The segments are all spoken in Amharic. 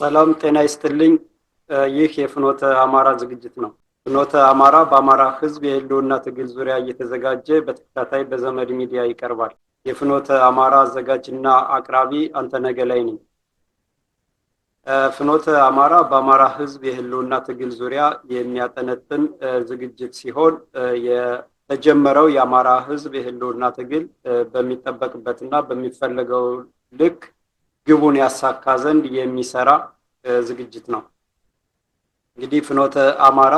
ሰላም ጤና ይስጥልኝ። ይህ የፍኖተ አማራ ዝግጅት ነው። ፍኖተ አማራ በአማራ ሕዝብ የህልውና ትግል ዙሪያ እየተዘጋጀ በተከታታይ በዘመድ ሚዲያ ይቀርባል። የፍኖተ አማራ አዘጋጅና አቅራቢ አንተ ነገ ላይ ነኝ። ፍኖተ አማራ በአማራ ሕዝብ የህልውና ትግል ዙሪያ የሚያጠነጥን ዝግጅት ሲሆን የተጀመረው የአማራ ሕዝብ የህልውና ትግል በሚጠበቅበትና በሚፈለገው ልክ ግቡን ያሳካ ዘንድ የሚሰራ ዝግጅት ነው። እንግዲህ ፍኖተ አማራ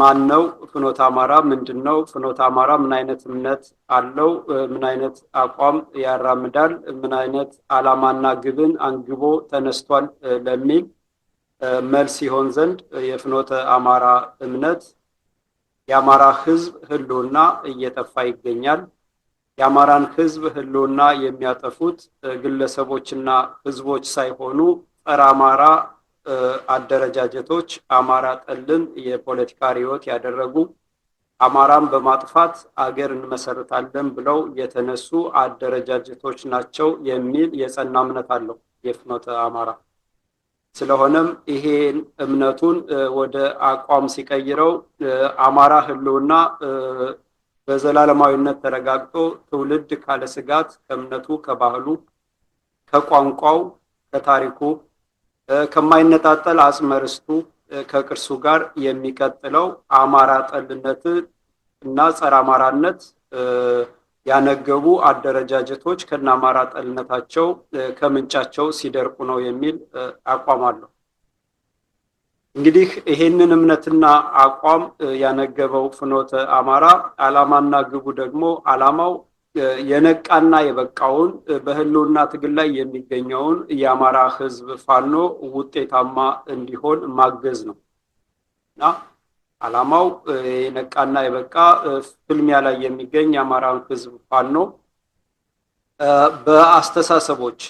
ማን ነው? ፍኖተ አማራ ምንድን ነው? ፍኖተ አማራ ምን አይነት እምነት አለው? ምን አይነት አቋም ያራምዳል? ምን አይነት ዓላማና ግብን አንግቦ ተነስቷል? ለሚል መልስ ይሆን ዘንድ የፍኖተ አማራ እምነት የአማራ ሕዝብ ህልውና እየጠፋ ይገኛል የአማራን ህዝብ ህልውና የሚያጠፉት ግለሰቦችና ህዝቦች ሳይሆኑ ጸረ አማራ አደረጃጀቶች አማራ ጠልን የፖለቲካ ርዕዮት ያደረጉ አማራን በማጥፋት አገር እንመሰርታለን ብለው የተነሱ አደረጃጀቶች ናቸው የሚል የጸና እምነት አለው የፍኖተ አማራ። ስለሆነም ይሄን እምነቱን ወደ አቋም ሲቀይረው አማራ ህልውና በዘላለማዊነት ተረጋግጦ ትውልድ ካለ ስጋት ከእምነቱ፣ ከባህሉ፣ ከቋንቋው፣ ከታሪኩ ከማይነጣጠል አጽመርስቱ ከቅርሱ ጋር የሚቀጥለው አማራ ጠልነት እና ጸረ አማራነት ያነገቡ አደረጃጀቶች ከነ አማራ ጠልነታቸው ከምንጫቸው ሲደርቁ ነው የሚል አቋም አለው። እንግዲህ ይሄንን እምነትና አቋም ያነገበው ፍኖተ አማራ ዓላማና ግቡ ደግሞ ዓላማው የነቃና የበቃውን በህልውና ትግል ላይ የሚገኘውን የአማራ ህዝብ ፋኖ ውጤታማ እንዲሆን ማገዝ ነው እና ዓላማው የነቃና የበቃ ፍልሚያ ላይ የሚገኝ የአማራ ህዝብ ፋኖ በአስተሳሰቦች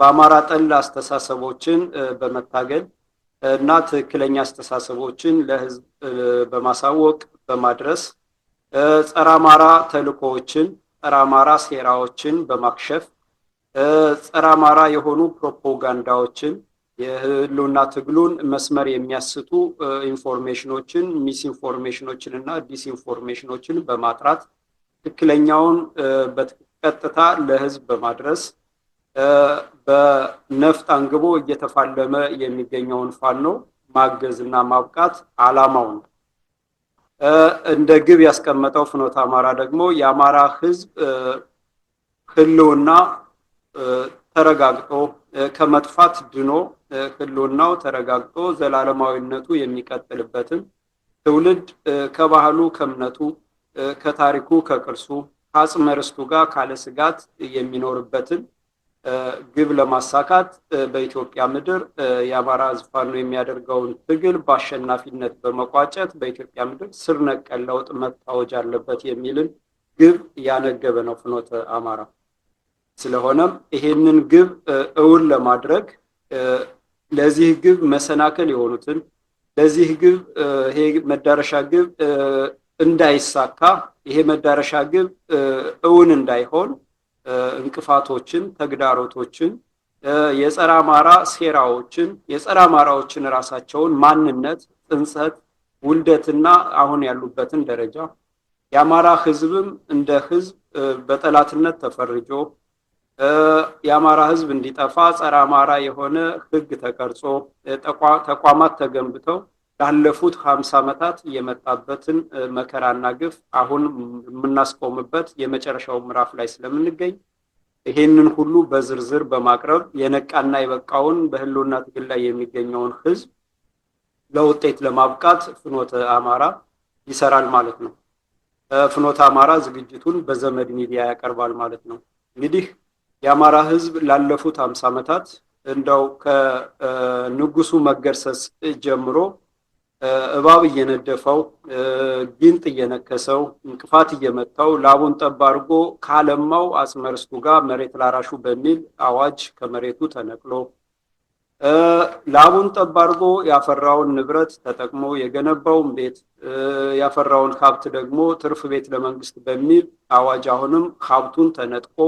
በአማራ ጠል አስተሳሰቦችን በመታገል እና ትክክለኛ አስተሳሰቦችን ለህዝብ በማሳወቅ በማድረስ ጸረ አማራ ተልእኮዎችን፣ ጸረ አማራ ሴራዎችን በማክሸፍ ጸረ አማራ የሆኑ ፕሮፓጋንዳዎችን የህልውና ትግሉን መስመር የሚያስቱ ኢንፎርሜሽኖችን፣ ሚስኢንፎርሜሽኖችን እና ዲስኢንፎርሜሽኖችን በማጥራት ትክክለኛውን በቀጥታ ለህዝብ በማድረስ በነፍጥ አንግቦ እየተፋለመ የሚገኘውን ፋኖ ማገዝና ማብቃት አላማው ነው። እንደ ግብ ያስቀመጠው ፍኖተ አማራ ደግሞ የአማራ ህዝብ ህልውና ተረጋግጦ ከመጥፋት ድኖ ህልውናው ተረጋግጦ ዘላለማዊነቱ የሚቀጥልበትን ትውልድ ከባህሉ፣ ከእምነቱ፣ ከታሪኩ፣ ከቅርሱ ከአጽመ ርስቱ ጋር ካለ ስጋት የሚኖርበትን ግብ ለማሳካት በኢትዮጵያ ምድር የአማራ ህዝብ ፋኖ የሚያደርገውን ትግል በአሸናፊነት በመቋጨት በኢትዮጵያ ምድር ስር ነቀል ለውጥ መታወጅ አለበት የሚልን ግብ ያነገበ ነው ፍኖተ አማራ። ስለሆነም ይሄንን ግብ እውን ለማድረግ ለዚህ ግብ መሰናከል የሆኑትን ለዚህ ግብ ይሄ መዳረሻ ግብ እንዳይሳካ ይሄ መዳረሻ ግብ እውን እንዳይሆን እንቅፋቶችን፣ ተግዳሮቶችን፣ የጸረ አማራ ሴራዎችን፣ የጸረ አማራዎችን ራሳቸውን ማንነት፣ ጥንሰት፣ ውልደትና አሁን ያሉበትን ደረጃ የአማራ ህዝብም እንደ ህዝብ በጠላትነት ተፈርጆ የአማራ ህዝብ እንዲጠፋ ጸረ አማራ የሆነ ህግ ተቀርጾ ተቋማት ተገንብተው ላለፉት ሀምሳ ዓመታት የመጣበትን መከራና ግፍ አሁን የምናስቆምበት የመጨረሻው ምዕራፍ ላይ ስለምንገኝ ይሄንን ሁሉ በዝርዝር በማቅረብ የነቃና የበቃውን በህልውና ትግል ላይ የሚገኘውን ህዝብ ለውጤት ለማብቃት ፍኖተ አማራ ይሰራል ማለት ነው። ፍኖተ አማራ ዝግጅቱን በዘመድ ሚዲያ ያቀርባል ማለት ነው። እንግዲህ የአማራ ህዝብ ላለፉት ሀምሳ ዓመታት እንደው ከንጉሱ መገርሰስ ጀምሮ እባብ እየነደፈው ጊንጥ እየነከሰው እንቅፋት እየመታው ላቡን ጠብ አድርጎ ካለማው አጽመ ጋር መሬት ላራሹ በሚል አዋጅ ከመሬቱ ተነቅሎ ላቡን ጠብ አድርጎ ያፈራውን ንብረት ተጠቅሞ የገነባውን ቤት ያፈራውን ሀብት ደግሞ ትርፍ ቤት ለመንግስት በሚል አዋጅ አሁንም ሀብቱን ተነጥቆ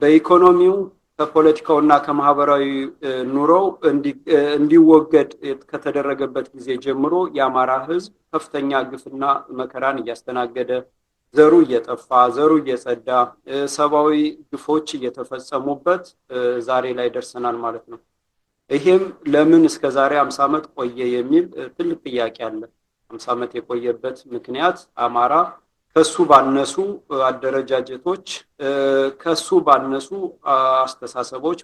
በኢኮኖሚው ከፖለቲካውና ከማህበራዊ ኑሮው እንዲወገድ ከተደረገበት ጊዜ ጀምሮ የአማራ ህዝብ ከፍተኛ ግፍና መከራን እያስተናገደ ዘሩ እየጠፋ ዘሩ እየጸዳ ሰብአዊ ግፎች እየተፈጸሙበት ዛሬ ላይ ደርሰናል ማለት ነው። ይሄም ለምን እስከ ዛሬ አምሳ ዓመት ቆየ የሚል ትልቅ ጥያቄ አለ። አምሳ ዓመት የቆየበት ምክንያት አማራ ከሱ ባነሱ አደረጃጀቶች ከሱ ባነሱ አስተሳሰቦች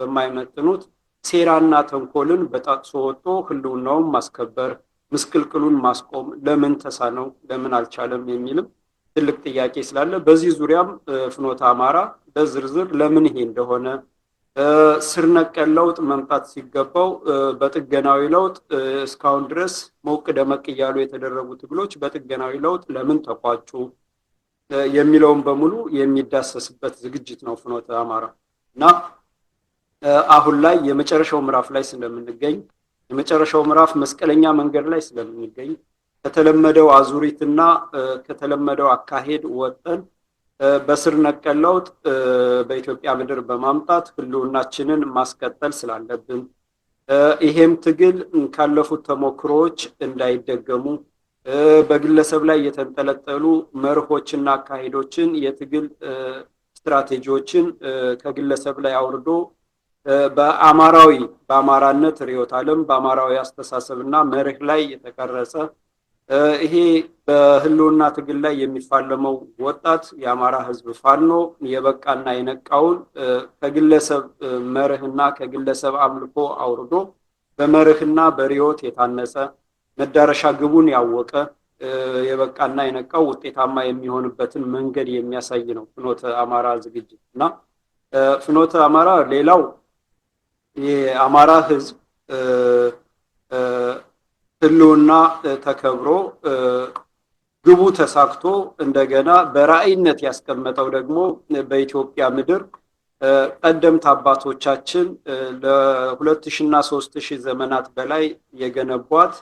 በማይመጥኑት ሴራና ተንኮልን በጣጥሶ ወጥቶ ህልውናውን ማስከበር ምስቅልቅሉን ማስቆም ለምን ተሳነው? ለምን አልቻለም? የሚልም ትልቅ ጥያቄ ስላለ በዚህ ዙሪያም ፍኖተ አማራ በዝርዝር ለምን ይሄ እንደሆነ ስር ነቀል ለውጥ መምጣት ሲገባው በጥገናዊ ለውጥ እስካሁን ድረስ ሞቅ ደመቅ እያሉ የተደረጉ ትግሎች በጥገናዊ ለውጥ ለምን ተቋጩ የሚለውን በሙሉ የሚዳሰስበት ዝግጅት ነው ፍኖተ አማራ እና አሁን ላይ የመጨረሻው ምዕራፍ ላይ ስለምንገኝ የመጨረሻው ምዕራፍ መስቀለኛ መንገድ ላይ ስለምንገኝ ከተለመደው አዙሪትና ከተለመደው አካሄድ ወጠን በስር ነቀል ለውጥ በኢትዮጵያ ምድር በማምጣት ህልውናችንን ማስቀጠል ስላለብን ይሄም ትግል ካለፉት ተሞክሮዎች እንዳይደገሙ በግለሰብ ላይ የተንጠለጠሉ መርሆችና አካሄዶችን የትግል ስትራቴጂዎችን ከግለሰብ ላይ አውርዶ በአማራዊ በአማራነት ርዕዮተ ዓለም በአማራዊ አስተሳሰብና መርህ ላይ የተቀረጸ ይሄ በህልውና ትግል ላይ የሚፋለመው ወጣት የአማራ ህዝብ ፋኖ የበቃና የነቃውን ከግለሰብ መርህና ከግለሰብ አምልኮ አውርዶ በመርህና በሪዮት የታነጸ መዳረሻ ግቡን ያወቀ የበቃና የነቃው ውጤታማ የሚሆንበትን መንገድ የሚያሳይ ነው ፍኖተ አማራ ዝግጅት እና ፍኖተ አማራ ሌላው የአማራ ህዝብ ህልውና ተከብሮ ግቡ ተሳክቶ እንደገና በራእይነት ያስቀመጠው ደግሞ በኢትዮጵያ ምድር ቀደምት አባቶቻችን ለሁለት ሺና ሶስት ሺህ ዘመናት በላይ የገነቧት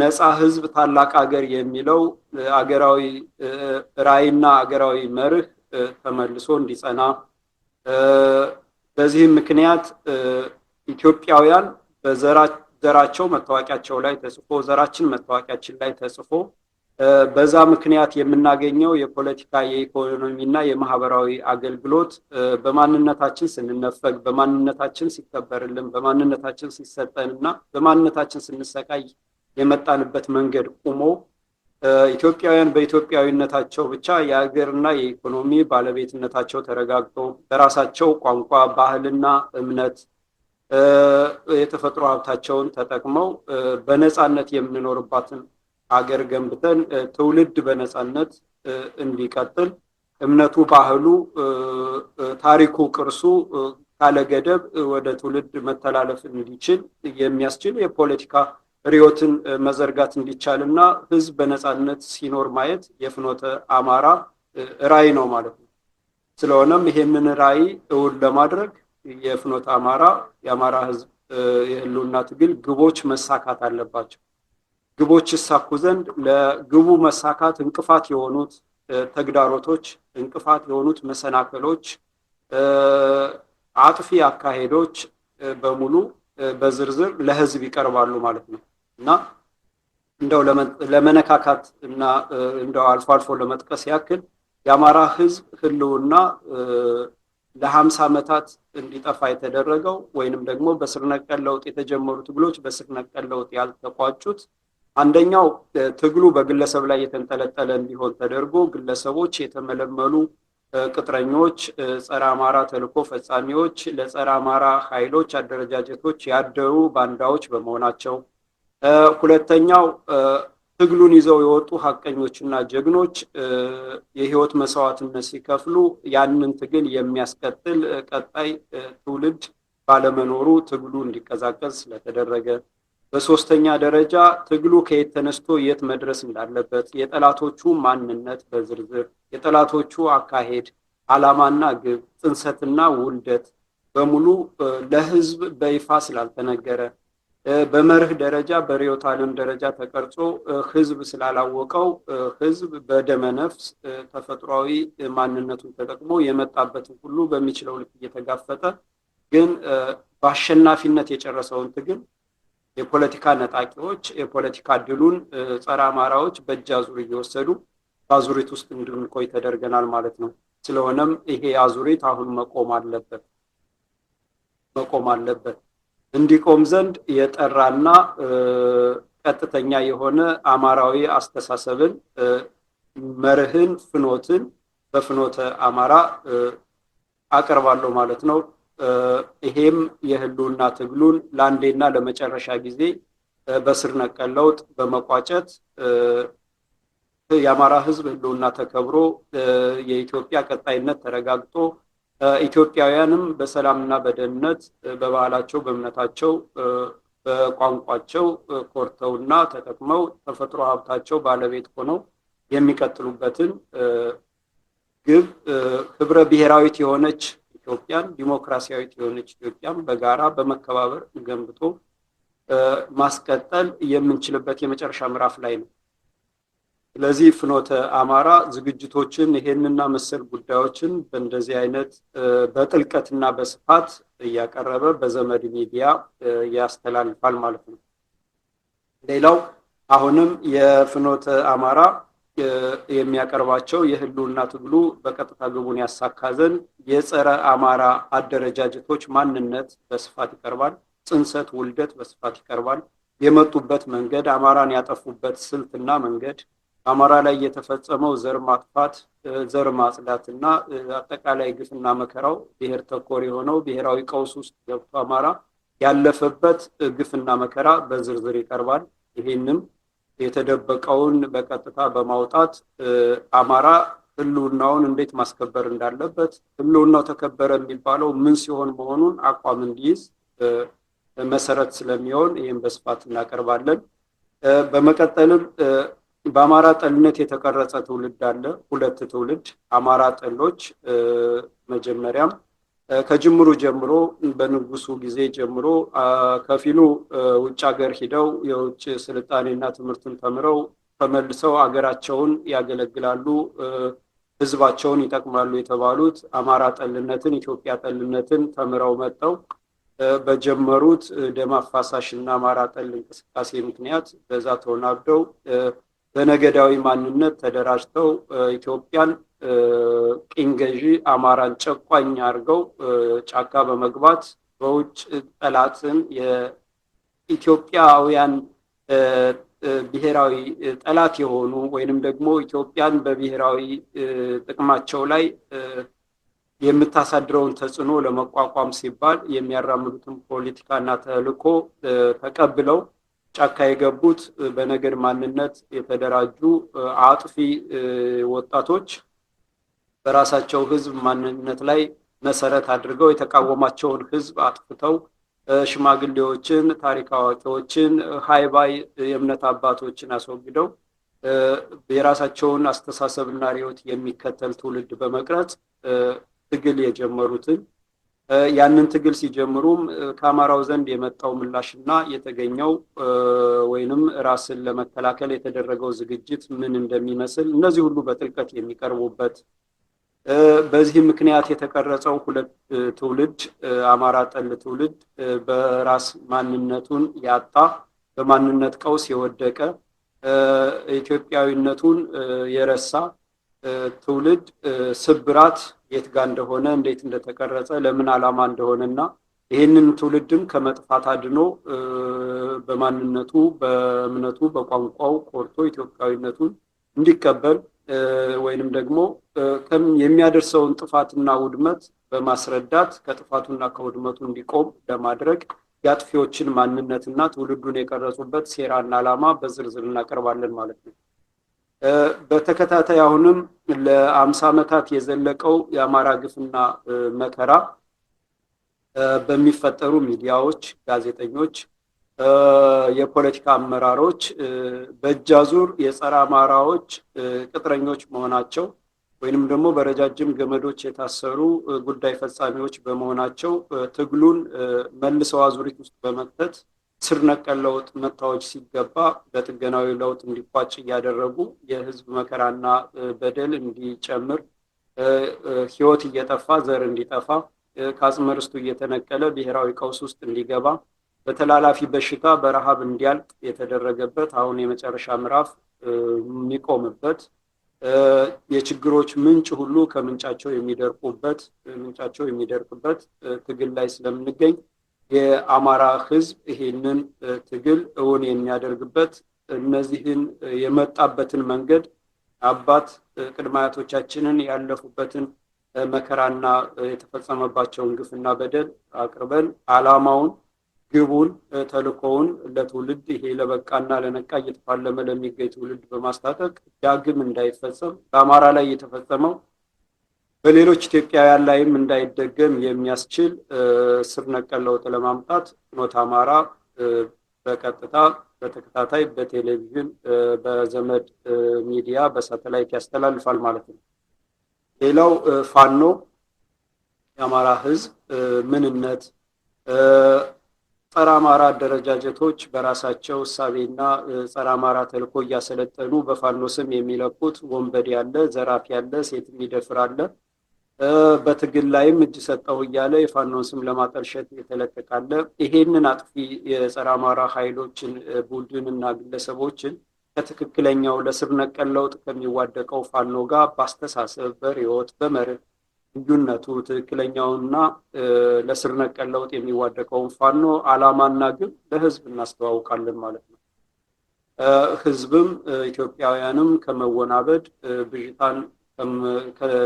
ነፃ ህዝብ ታላቅ አገር የሚለው አገራዊ ራእይና አገራዊ መርህ ተመልሶ እንዲጸና በዚህም ምክንያት ኢትዮጵያውያን በዘራቸው ዘራቸው መታወቂያቸው ላይ ተጽፎ ዘራችን መታወቂያችን ላይ ተጽፎ በዛ ምክንያት የምናገኘው የፖለቲካ የኢኮኖሚና የማህበራዊ አገልግሎት በማንነታችን ስንነፈግ፣ በማንነታችን ሲከበርልን፣ በማንነታችን ሲሰጠንና በማንነታችን ስንሰቃይ የመጣንበት መንገድ ቁሞ ኢትዮጵያውያን በኢትዮጵያዊነታቸው ብቻ የሀገርና የኢኮኖሚ ባለቤትነታቸው ተረጋግጦ በራሳቸው ቋንቋ ባህልና እምነት የተፈጥሮ ሀብታቸውን ተጠቅመው በነፃነት የምንኖርባትን አገር ገንብተን ትውልድ በነፃነት እንዲቀጥል እምነቱ፣ ባህሉ፣ ታሪኩ፣ ቅርሱ ካለገደብ ወደ ትውልድ መተላለፍ እንዲችል የሚያስችል የፖለቲካ ርዕዮትን መዘርጋት እንዲቻል እና ህዝብ በነፃነት ሲኖር ማየት የፍኖተ አማራ ራዕይ ነው ማለት ነው። ስለሆነም ይሄንን ራዕይ እውን ለማድረግ የፍኖት አማራ የአማራ ህዝብ የህልውና ትግል ግቦች መሳካት አለባቸው። ግቦች ይሳኩ ዘንድ ለግቡ መሳካት እንቅፋት የሆኑት ተግዳሮቶች፣ እንቅፋት የሆኑት መሰናከሎች፣ አጥፊ አካሄዶች በሙሉ በዝርዝር ለህዝብ ይቀርባሉ ማለት ነው እና እንደው ለመነካካት እና እንደው አልፎ አልፎ ለመጥቀስ ያክል የአማራ ህዝብ ህልውና ለሀምሳ ዓመታት እንዲጠፋ የተደረገው ወይንም ደግሞ በስር ነቀል ለውጥ የተጀመሩ ትግሎች በስር ነቀል ለውጥ ያልተቋጩት አንደኛው ትግሉ በግለሰብ ላይ የተንጠለጠለ እንዲሆን ተደርጎ ግለሰቦች የተመለመሉ ቅጥረኞች፣ ጸረ አማራ ተልኮ ፈጻሚዎች፣ ለጸረ አማራ ኃይሎች አደረጃጀቶች ያደሩ ባንዳዎች በመሆናቸው ሁለተኛው ትግሉን ይዘው የወጡ ሀቀኞችና ጀግኖች የህይወት መስዋዕትነት ሲከፍሉ ያንን ትግል የሚያስቀጥል ቀጣይ ትውልድ ባለመኖሩ ትግሉ እንዲቀዛቀዝ ስለተደረገ፣ በሶስተኛ ደረጃ ትግሉ ከየት ተነስቶ የት መድረስ እንዳለበት የጠላቶቹ ማንነት በዝርዝር የጠላቶቹ አካሄድ፣ ዓላማና ግብ፣ ጽንሰትና ውልደት በሙሉ ለህዝብ በይፋ ስላልተነገረ በመርህ ደረጃ በርዕዮተ ዓለም ደረጃ ተቀርጾ ህዝብ ስላላወቀው ህዝብ በደመ ነፍስ ተፈጥሯዊ ማንነቱን ተጠቅሞ የመጣበትን ሁሉ በሚችለው ልክ እየተጋፈጠ ግን በአሸናፊነት የጨረሰውን ትግል የፖለቲካ ነጣቂዎች የፖለቲካ ድሉን ጸረ አማራዎች በእጅ አዙር እየወሰዱ በአዙሪት ውስጥ እንድንቆይ ተደርገናል ማለት ነው። ስለሆነም ይሄ አዙሪት አሁን መቆም አለበት መቆም አለበት። እንዲቆም ዘንድ የጠራና ቀጥተኛ የሆነ አማራዊ አስተሳሰብን መርህን፣ ፍኖትን በፍኖተ አማራ አቀርባለሁ ማለት ነው። ይሄም የህልውና ትግሉን ለአንዴና ለመጨረሻ ጊዜ በስር ነቀል ለውጥ በመቋጨት የአማራ ህዝብ ህልውና ተከብሮ የኢትዮጵያ ቀጣይነት ተረጋግጦ ኢትዮጵያውያንም በሰላምና በደህንነት በባህላቸው፣ በእምነታቸው፣ በቋንቋቸው ኮርተውና ተጠቅመው ተፈጥሮ ሀብታቸው ባለቤት ሆነው የሚቀጥሉበትን ግብ ህብረ ብሔራዊት የሆነች ኢትዮጵያን ዲሞክራሲያዊት የሆነች ኢትዮጵያን በጋራ በመከባበር ገንብቶ ማስቀጠል የምንችልበት የመጨረሻ ምዕራፍ ላይ ነው። ለዚህ ፍኖተ አማራ ዝግጅቶችን ይሄንና መሰል ጉዳዮችን በእንደዚህ አይነት በጥልቀትና በስፋት እያቀረበ በዘመድ ሚዲያ ያስተላልፋል ማለት ነው። ሌላው አሁንም የፍኖተ አማራ የሚያቀርባቸው የህልውና ትግሉ በቀጥታ ግቡን ያሳካ ዘንድ የጸረ አማራ አደረጃጀቶች ማንነት በስፋት ይቀርባል። ጽንሰት፣ ውልደት በስፋት ይቀርባል። የመጡበት መንገድ፣ አማራን ያጠፉበት ስልትና መንገድ አማራ ላይ የተፈጸመው ዘር ማጥፋት፣ ዘር ማጽዳት እና አጠቃላይ ግፍና መከራው ብሔር ተኮር የሆነው ብሔራዊ ቀውስ ውስጥ ገብቶ አማራ ያለፈበት ግፍና መከራ በዝርዝር ይቀርባል። ይህንም የተደበቀውን በቀጥታ በማውጣት አማራ ህልውናውን እንዴት ማስከበር እንዳለበት ህልውናው ተከበረ የሚባለው ምን ሲሆን መሆኑን አቋም እንዲይዝ መሰረት ስለሚሆን ይህም በስፋት እናቀርባለን። በመቀጠልም በአማራ ጠልነት የተቀረጸ ትውልድ አለ። ሁለት ትውልድ አማራ ጠሎች መጀመሪያም ከጅምሩ ጀምሮ በንጉሱ ጊዜ ጀምሮ ከፊሉ ውጭ ሀገር ሂደው የውጭ ስልጣኔና ትምህርቱን ተምረው ተመልሰው አገራቸውን ያገለግላሉ፣ ህዝባቸውን ይጠቅማሉ የተባሉት አማራ ጠልነትን ኢትዮጵያ ጠልነትን ተምረው መጥተው በጀመሩት ደም አፋሳሽ እና አማራ ጠል እንቅስቃሴ ምክንያት በዛ ተወናብደው በነገዳዊ ማንነት ተደራጅተው ኢትዮጵያን ቅኝ ገዢ አማራን ጨቋኝ አድርገው ጫካ በመግባት በውጭ ጠላትን የኢትዮጵያውያን ብሔራዊ ጠላት የሆኑ ወይንም ደግሞ ኢትዮጵያን በብሔራዊ ጥቅማቸው ላይ የምታሳድረውን ተጽዕኖ ለመቋቋም ሲባል የሚያራምዱትን ፖለቲካና ተልዕኮ ተቀብለው ጫካ የገቡት በነገድ ማንነት የተደራጁ አጥፊ ወጣቶች በራሳቸው ህዝብ ማንነት ላይ መሰረት አድርገው የተቃወማቸውን ህዝብ አጥፍተው ሽማግሌዎችን፣ ታሪክ አዋቂዎችን፣ ሀይባይ የእምነት አባቶችን አስወግደው የራሳቸውን አስተሳሰብና ርዕዮት የሚከተል ትውልድ በመቅረጽ ትግል የጀመሩትን ያንን ትግል ሲጀምሩም ከአማራው ዘንድ የመጣው ምላሽና የተገኘው ወይንም ራስን ለመከላከል የተደረገው ዝግጅት ምን እንደሚመስል እነዚህ ሁሉ በጥልቀት የሚቀርቡበት በዚህ ምክንያት የተቀረጸው ሁለት ትውልድ አማራ ጠል ትውልድ በራስ ማንነቱን ያጣ በማንነት ቀውስ የወደቀ ኢትዮጵያዊነቱን የረሳ ትውልድ ስብራት የት ጋር እንደሆነ እንዴት እንደተቀረጸ ለምን ዓላማ እንደሆነና ይህንን ትውልድም ከመጥፋት አድኖ በማንነቱ በእምነቱ በቋንቋው ቆርቶ ኢትዮጵያዊነቱን እንዲቀበል ወይንም ደግሞ የሚያደርሰውን ጥፋትና ውድመት በማስረዳት ከጥፋቱና ከውድመቱ እንዲቆም ለማድረግ የአጥፊዎችን ማንነትና ትውልዱን የቀረጹበት ሴራና ዓላማ በዝርዝር እናቀርባለን ማለት ነው። በተከታታይ አሁንም ለአምሳ ዓመታት የዘለቀው የአማራ ግፍና መከራ በሚፈጠሩ ሚዲያዎች፣ ጋዜጠኞች፣ የፖለቲካ አመራሮች በእጃዙር አዙር የጸረ አማራዎች ቅጥረኞች መሆናቸው ወይንም ደግሞ በረጃጅም ገመዶች የታሰሩ ጉዳይ ፈጻሚዎች በመሆናቸው ትግሉን መልሰው አዙሪት ውስጥ በመክተት ስር ነቀል ለውጥ መታወች ሲገባ በጥገናዊ ለውጥ እንዲቋጭ እያደረጉ የህዝብ መከራና በደል እንዲጨምር ህይወት እየጠፋ ዘር እንዲጠፋ ከአጽመ ርስቱ እየተነቀለ ብሔራዊ ቀውስ ውስጥ እንዲገባ በተላላፊ በሽታ በረሃብ እንዲያልቅ የተደረገበት አሁን የመጨረሻ ምዕራፍ የሚቆምበት የችግሮች ምንጭ ሁሉ ከምንጫቸው የሚደርቁበት ምንጫቸው የሚደርቅበት ትግል ላይ ስለምንገኝ የአማራ ህዝብ ይሄንን ትግል እውን የሚያደርግበት እነዚህን የመጣበትን መንገድ አባት ቅድመ አያቶቻችንን ያለፉበትን መከራና የተፈጸመባቸውን ግፍና በደል አቅርበን አላማውን ግቡን ተልኮውን ለትውልድ ይሄ ለበቃና ለነቃ እየተፋለመ ለሚገኝ ትውልድ በማስታጠቅ ዳግም እንዳይፈጸም በአማራ ላይ የተፈጸመው በሌሎች ኢትዮጵያውያን ላይም እንዳይደገም የሚያስችል ስር ነቀል ለውጥ ለማምጣት ኖት አማራ በቀጥታ በተከታታይ በቴሌቪዥን በዘመድ ሚዲያ በሳተላይት ያስተላልፋል ማለት ነው። ሌላው ፋኖ የአማራ ህዝብ ምንነት ጸረ አማራ አደረጃጀቶች በራሳቸው እሳቤና ጸረ አማራ ተልኮ እያሰለጠኑ በፋኖ ስም የሚለቁት ወንበዴ ያለ፣ ዘራፊ ያለ፣ ሴት የሚደፍር አለ። በትግል ላይም እጅ ሰጠው እያለ የፋኖን ስም ለማጠልሸት የተለቀቃለ ይሄንን አጥፊ የጸረ አማራ ኃይሎችን ቡድንና ግለሰቦችን ከትክክለኛው ለስር ነቀል ለውጥ ከሚዋደቀው ፋኖ ጋር በአስተሳሰብ በርዕዮት በመርህ ልዩነቱ ትክክለኛውና ለስር ነቀል ለውጥ የሚዋደቀውን ፋኖ አላማና ግብ ለህዝብ እናስተዋውቃለን ማለት ነው። ህዝብም ኢትዮጵያውያንም ከመወናበድ ብዥታን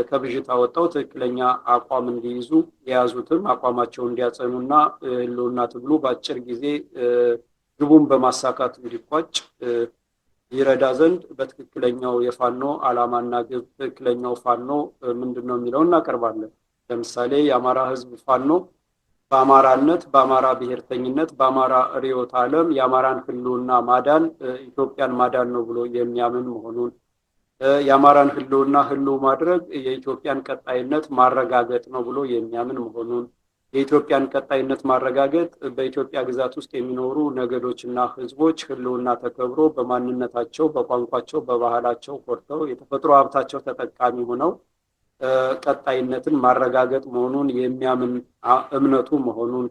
ከብዥታ ወጣው ትክክለኛ አቋም እንዲይዙ የያዙትም አቋማቸውን እንዲያጸኑና ህልውና ትግሉ በአጭር ጊዜ ግቡን በማሳካት እንዲቋጭ ይረዳ ዘንድ በትክክለኛው የፋኖ አላማና ግብ ትክክለኛው ፋኖ ምንድን ነው የሚለውን እናቀርባለን። ለምሳሌ የአማራ ህዝብ ፋኖ በአማራነት፣ በአማራ ብሔርተኝነት፣ በአማራ ርዕዮተ ዓለም የአማራን ህልውና ማዳን ኢትዮጵያን ማዳን ነው ብሎ የሚያምን መሆኑን የአማራን ህልውና ህልው ማድረግ የኢትዮጵያን ቀጣይነት ማረጋገጥ ነው ብሎ የሚያምን መሆኑን የኢትዮጵያን ቀጣይነት ማረጋገጥ በኢትዮጵያ ግዛት ውስጥ የሚኖሩ ነገዶችና ህዝቦች ህልውና ተከብሮ በማንነታቸው፣ በቋንቋቸው፣ በባህላቸው ኮርተው የተፈጥሮ ሀብታቸው ተጠቃሚ ሆነው ቀጣይነትን ማረጋገጥ መሆኑን የሚያምን እምነቱ መሆኑን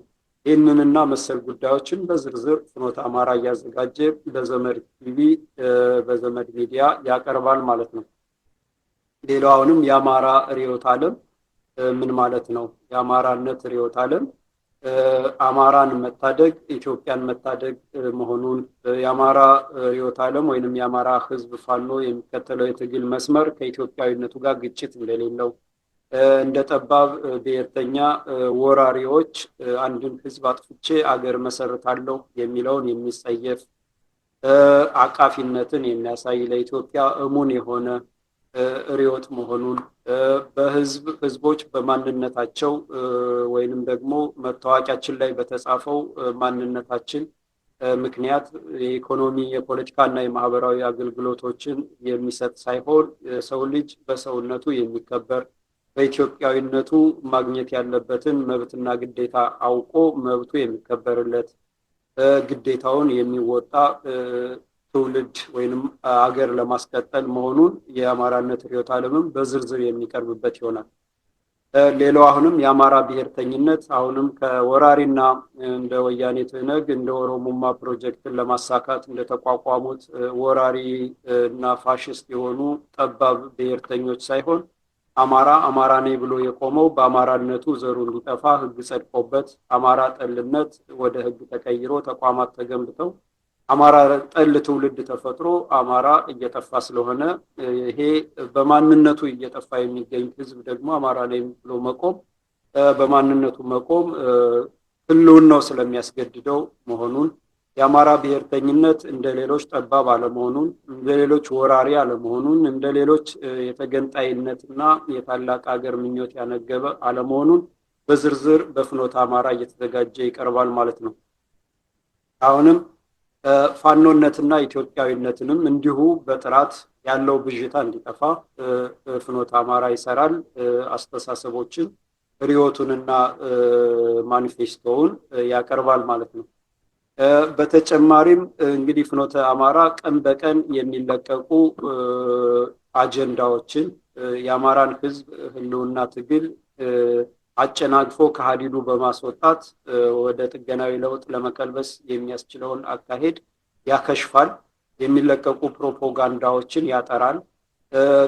ይህንንና መሰል ጉዳዮችን በዝርዝር ፍኖተ አማራ እያዘጋጀ በዘመድ ቲቪ በዘመድ ሚዲያ ያቀርባል ማለት ነው። ሌላው አሁንም የአማራ ርዕዮተ ዓለም ምን ማለት ነው? የአማራነት ርዕዮተ ዓለም አማራን መታደግ ኢትዮጵያን መታደግ መሆኑን የአማራ ርዕዮተ ዓለም ወይንም የአማራ ሕዝብ ፋኖ የሚከተለው የትግል መስመር ከኢትዮጵያዊነቱ ጋር ግጭት እንደሌለው እንደ ጠባብ ብሔርተኛ ወራሪዎች አንድን ህዝብ አጥፍቼ አገር መሰርታለሁ የሚለውን የሚጸየፍ አቃፊነትን የሚያሳይ ለኢትዮጵያ እሙን የሆነ ርዕዮት መሆኑን በህዝብ ህዝቦች በማንነታቸው ወይንም ደግሞ መታወቂያችን ላይ በተጻፈው ማንነታችን ምክንያት የኢኮኖሚ የፖለቲካ እና የማህበራዊ አገልግሎቶችን የሚሰጥ ሳይሆን ሰው ልጅ በሰውነቱ የሚከበር በኢትዮጵያዊነቱ ማግኘት ያለበትን መብትና ግዴታ አውቆ መብቱ የሚከበርለት ግዴታውን የሚወጣ ትውልድ ወይም አገር ለማስቀጠል መሆኑን የአማራነት ርዕዮተ ዓለምም በዝርዝር የሚቀርብበት ይሆናል። ሌላው አሁንም የአማራ ብሔርተኝነት አሁንም ከወራሪና እንደ ወያኔ ትህነግ እንደ ኦሮሞማ ፕሮጀክትን ለማሳካት እንደተቋቋሙት ወራሪ እና ፋሽስት የሆኑ ጠባብ ብሔርተኞች ሳይሆን አማራ አማራ ነኝ ብሎ የቆመው በአማራነቱ ዘሩ እንዲጠፋ ህግ ጸድቆበት አማራ ጠልነት ወደ ህግ ተቀይሮ ተቋማት ተገንብተው አማራ ጠል ትውልድ ተፈጥሮ አማራ እየጠፋ ስለሆነ ይሄ በማንነቱ እየጠፋ የሚገኝ ህዝብ ደግሞ አማራ ነኝ ብሎ መቆም በማንነቱ መቆም ህልውናው ስለሚያስገድደው መሆኑን የአማራ ብሔርተኝነት እንደ ሌሎች ጠባብ አለመሆኑን እንደ ሌሎች ወራሪ አለመሆኑን እንደ ሌሎች የተገንጣይነትና የታላቅ ሀገር ምኞት ያነገበ አለመሆኑን በዝርዝር በፍኖተ አማራ እየተዘጋጀ ይቀርባል ማለት ነው። አሁንም ፋኖነትና ኢትዮጵያዊነትንም እንዲሁ በጥራት ያለው ብዥታ እንዲጠፋ ፍኖተ አማራ ይሰራል። አስተሳሰቦችን ሪዮቱንና ማኒፌስቶውን ያቀርባል ማለት ነው። በተጨማሪም እንግዲህ ፍኖተ አማራ ቀን በቀን የሚለቀቁ አጀንዳዎችን የአማራን ህዝብ ህልውና ትግል አጨናግፎ ከሀዲዱ በማስወጣት ወደ ጥገናዊ ለውጥ ለመቀልበስ የሚያስችለውን አካሄድ ያከሽፋል። የሚለቀቁ ፕሮፓጋንዳዎችን ያጠራል።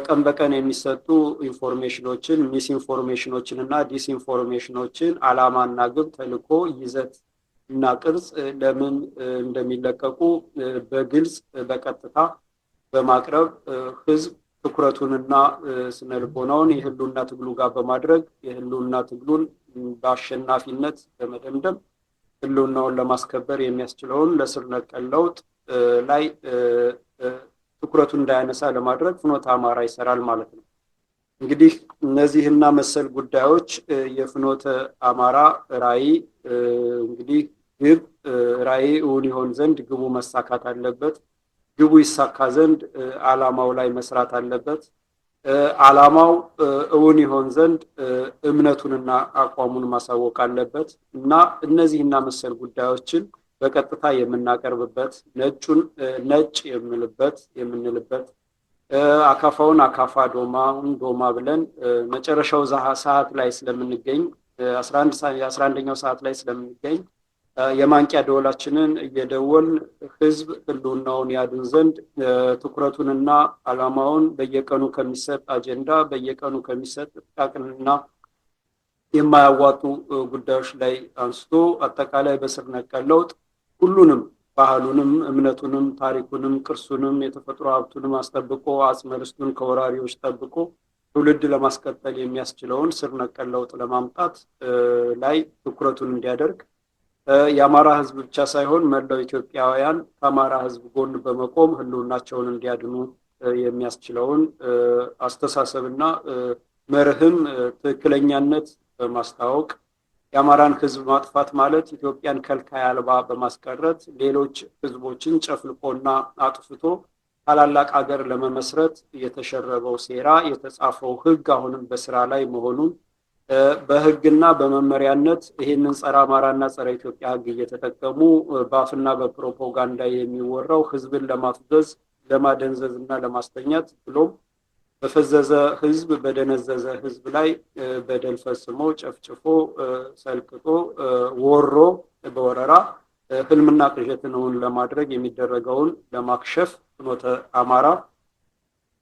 ቀን በቀን የሚሰጡ ኢንፎርሜሽኖችን፣ ሚስኢንፎርሜሽኖችን እና ዲስኢንፎርሜሽኖችን አላማና ግብ፣ ተልዕኮ፣ ይዘት እና ቅርጽ ለምን እንደሚለቀቁ በግልጽ በቀጥታ በማቅረብ ህዝብ ትኩረቱንና ስነልቦናውን ልቦናውን የህልውና ትግሉ ጋር በማድረግ የህልውና ትግሉን በአሸናፊነት በመደምደም ህልውናውን ለማስከበር የሚያስችለውን ለስር ነቀል ለውጥ ላይ ትኩረቱን እንዳያነሳ ለማድረግ ፍኖተ አማራ ይሰራል ማለት ነው። እንግዲህ እነዚህና መሰል ጉዳዮች የፍኖተ አማራ ራዕይ እንግዲህ ግብ ራዕይ እውን ይሆን ዘንድ ግቡ መሳካት አለበት። ግቡ ይሳካ ዘንድ ዓላማው ላይ መስራት አለበት። ዓላማው እውን ይሆን ዘንድ እምነቱንና አቋሙን ማሳወቅ አለበት እና እነዚህና መሰል ጉዳዮችን በቀጥታ የምናቀርብበት ነጩን ነጭ የምልበት የምንልበት አካፋውን አካፋ ዶማውን ዶማ ብለን መጨረሻው ሰዓት ላይ ስለምንገኝ አስራ አንደኛው ሰዓት ላይ ስለምንገኝ የማንቂያ ደወላችንን እየደወል ህዝብ ህልውናውን ያድን ዘንድ ትኩረቱንና አላማውን በየቀኑ ከሚሰጥ አጀንዳ በየቀኑ ከሚሰጥ ጥቃቅንና የማያዋጡ ጉዳዮች ላይ አንስቶ አጠቃላይ በስር ነቀል ለውጥ ሁሉንም ባህሉንም፣ እምነቱንም፣ ታሪኩንም፣ ቅርሱንም፣ የተፈጥሮ ሀብቱንም አስጠብቆ አጽመርስቱን ከወራሪዎች ጠብቆ ትውልድ ለማስቀጠል የሚያስችለውን ስር ነቀል ለውጥ ለማምጣት ላይ ትኩረቱን እንዲያደርግ የአማራ ህዝብ ብቻ ሳይሆን መላው ኢትዮጵያውያን ከአማራ ህዝብ ጎን በመቆም ህልውናቸውን እንዲያድኑ የሚያስችለውን አስተሳሰብና መርህም ትክክለኛነት በማስታወቅ የአማራን ህዝብ ማጥፋት ማለት ኢትዮጵያን ከልካይ አልባ በማስቀረት ሌሎች ህዝቦችን ጨፍልቆና አጥፍቶ ታላላቅ ሀገር ለመመስረት የተሸረበው ሴራ የተጻፈው ህግ አሁንም በስራ ላይ መሆኑን በህግና በመመሪያነት ይህንን ጸረ አማራና ጸረ ኢትዮጵያ ህግ እየተጠቀሙ በአፍና በፕሮፓጋንዳ የሚወራው ህዝብን ለማፍዘዝ ለማደንዘዝ እና ለማስተኛት ብሎም በፈዘዘ ህዝብ በደነዘዘ ህዝብ ላይ በደል ፈጽሞ ጨፍጭፎ ሰልቅጦ ወሮ በወረራ ህልምና ቅዠትን እውን ለማድረግ የሚደረገውን ለማክሸፍ ፍኖተ አማራ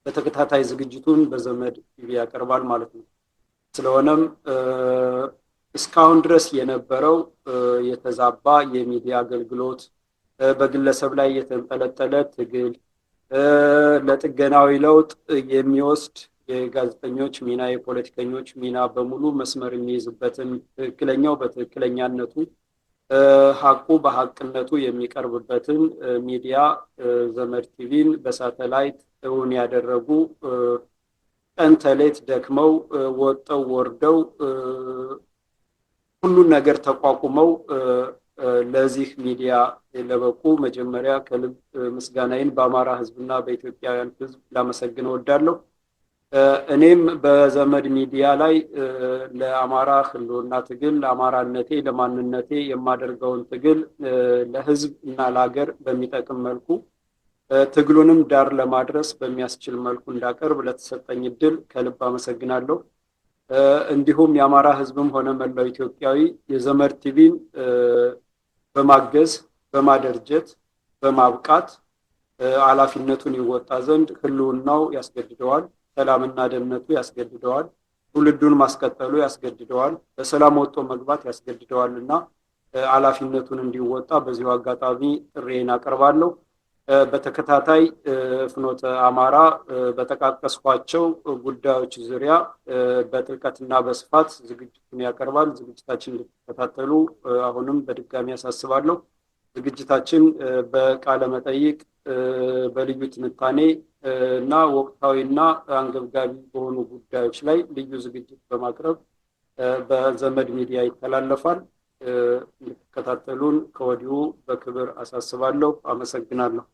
በተከታታይ ዝግጅቱን በዘመድ ያቀርባል ማለት ነው። ስለሆነም እስካሁን ድረስ የነበረው የተዛባ የሚዲያ አገልግሎት በግለሰብ ላይ የተንጠለጠለ ትግል ለጥገናዊ ለውጥ የሚወስድ የጋዜጠኞች ሚና፣ የፖለቲከኞች ሚና በሙሉ መስመር የሚይዝበትን ትክክለኛው በትክክለኛነቱ ሀቁ በሀቅነቱ የሚቀርብበትን ሚዲያ ዘመድ ቲቪን በሳተላይት እውን ያደረጉ ቀን ተሌት ደክመው ወጠው ወርደው ሁሉን ነገር ተቋቁመው ለዚህ ሚዲያ ለበቁ መጀመሪያ ከልብ ምስጋናዬን በአማራ ሕዝብና በኢትዮጵያውያን ሕዝብ ላመሰግን እወዳለሁ። እኔም በዘመድ ሚዲያ ላይ ለአማራ ህልውና ትግል ለአማራነቴ ለማንነቴ የማደርገውን ትግል ለህዝብ እና ለሀገር በሚጠቅም መልኩ ትግሉንም ዳር ለማድረስ በሚያስችል መልኩ እንዳቀርብ ለተሰጠኝ እድል ከልብ አመሰግናለሁ። እንዲሁም የአማራ ህዝብም ሆነ መላው ኢትዮጵያዊ የዘመድ ቲቪን በማገዝ በማደርጀት በማብቃት ኃላፊነቱን ይወጣ ዘንድ ህልውናው ያስገድደዋል። ሰላምና ደህንነቱ ያስገድደዋል። ትውልዱን ማስቀጠሉ ያስገድደዋል። በሰላም ወጥቶ መግባት ያስገድደዋል እና ኃላፊነቱን እንዲወጣ በዚሁ አጋጣሚ ጥሬን አቀርባለሁ። በተከታታይ ፍኖተ አማራ በጠቃቀስኳቸው ጉዳዮች ዙሪያ በጥልቀትና በስፋት ዝግጅቱን ያቀርባል። ዝግጅታችን እንድትከታተሉ አሁንም በድጋሚ ያሳስባለሁ። ዝግጅታችን በቃለ መጠይቅ፣ በልዩ ትንታኔ እና ወቅታዊና አንገብጋቢ በሆኑ ጉዳዮች ላይ ልዩ ዝግጅት በማቅረብ በዘመድ ሚዲያ ይተላለፋል። እንድትከታተሉን ከወዲሁ በክብር አሳስባለሁ። አመሰግናለሁ።